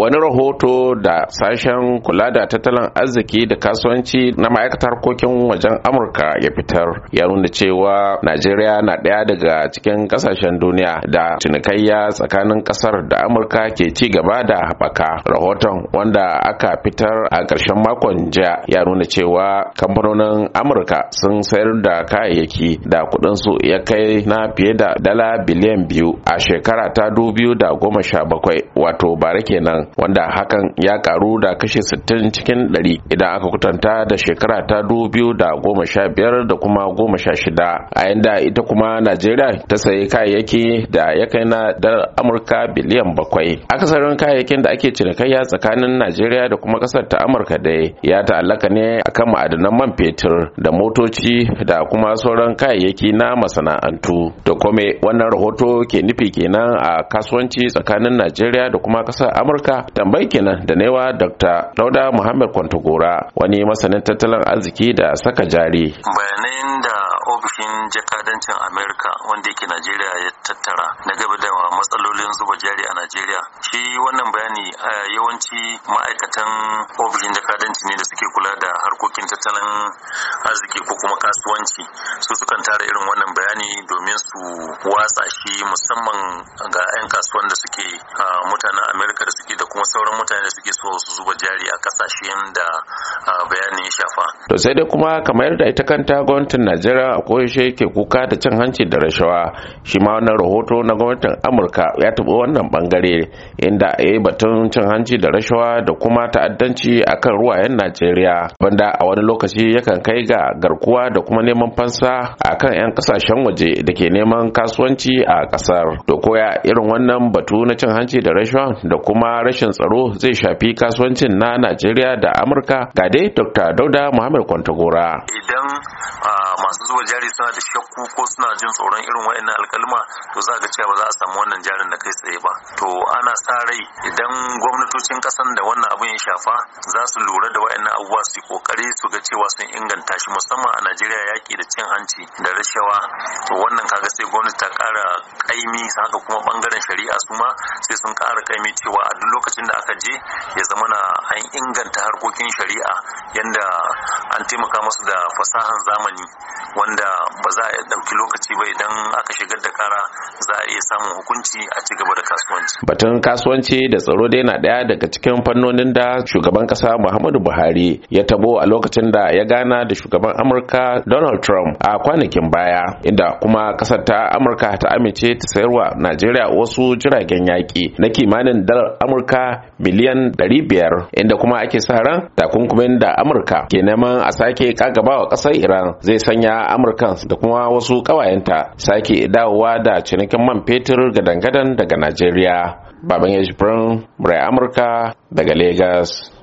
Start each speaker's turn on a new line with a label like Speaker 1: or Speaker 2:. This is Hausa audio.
Speaker 1: wani rahoto da sashen kula da tattalin arziki da kasuwanci na ma'aikatar harkokin wajen amurka ya fitar ya nuna cewa najeriya na ɗaya daga cikin ƙasashen duniya da cinikayya tsakanin ƙasar da amurka ke ci gaba da haɓaka rahoton wanda aka fitar a ƙarshen makon jiya ya nuna cewa kamfanonin amurka sun sayar da kayayyaki da kuɗinsu ya kai na fiye da dala biliyan biyu a shekara ta dubu da goma sha bakwai wato bara kenan wanda hakan ya karu da kashe 60 cikin 100 idan aka kwatanta da shekara ta 2015 da kuma 16 a yanda ita kuma najeriya ta sayi kayayyaki da ya kai na dar amurka biliyan bakwai akasarin kayayyakin da ake cinikayya tsakanin najeriya da kuma kasar ta amurka dai ya ta'allaka ne akan ma'adanan man fetur da motoci da kuma sauran kayayyaki na masana'antu da kome wannan rahoto ke nufi kenan a kasuwanci tsakanin najeriya da kuma kasar amurka tambayi kenan da newa dr dauda muhammad kwantogora wani masanin tattalin arziki da saka jari bayanan da ofishin jakadancin amerika wanda yake najeriya ya
Speaker 2: tattara na gaba da matsalolin zuba jari a najeriya shi wannan bayani eh, yawanci ma'aikatan ofishin jakadanci ne da suke kula da harkokin tattalin arziki ko kuma kasuwanci su sukan tara irin wannan bayani domin su watsa shi musamman ga 'yan kasuwan da suke mutanen amerika da suke da kuma sauran mutane da suke so su zuba jari a kasashen
Speaker 1: da bayani ya shafa to sai dai kuma kamar da ita kanta gwamnatin najeriya koyaushe yake kuka da cin hanci da rashawa shi ma wannan rahoto na gwamnatin amurka ya taɓa wannan bangare inda a yi batun cin hanci da rashawa da kuma ta'addanci a kan ruwayen najeriya banda a wani lokaci yakan kai ga garkuwa da kuma neman fansa a kan 'yan kasashen waje da ke neman kasuwanci a ƙasar to koya irin wannan batu na cin hanci da rashawa da kuma rashin tsaro zai shafi kasuwancin na najeriya da amurka ga dai dr dauda muhammad kwantagora idan ah, masu zuwa jari suna da shakku ko suna jin tsoron irin wayannan alkalma
Speaker 2: to za ga cewa ba za a samu wannan jarin da kai tsaye ba to ana sa rai idan gwamnatocin kasan da wannan abin ya shafa za su lura da wayannan abubuwa su kokari su ga cewa sun inganta shi musamman a Najeriya yaki da cin hanci da rashawa to wannan kaga sai gwamnati ta kara kaimi haka kuma bangaren shari'a su ma sai sun kara kaimi cewa a duk lokacin da aka je ya zama na an inganta harkokin shari'a yanda an taimaka masu da fasahan zamani wanda ba za a ɗauki lokaci ba idan aka shigar da kara za a iya samun hukunci a ci gaba da kasuwanci.
Speaker 1: Batun kasuwanci da tsaro dai na ɗaya daga cikin fannonin da shugaban ƙasa Muhammadu Buhari ya tabo a lokacin da ya gana da shugaban Amurka Donald Trump a kwanakin baya inda kuma ƙasar ta Amurka ta amince ta sayarwa Najeriya wasu jiragen yaƙi na kimanin dalar Amurka miliyan ɗari biyar. inda kuma ake sa ran takunkumin da Amurka ke neman a sake kagabawa ƙasar Iran zai sanya amurka da kuma wasu kawayenta sake dawowa da cinikin man fetur gadan-gadan daga najeriya baban ya jibrin amurka daga Legas.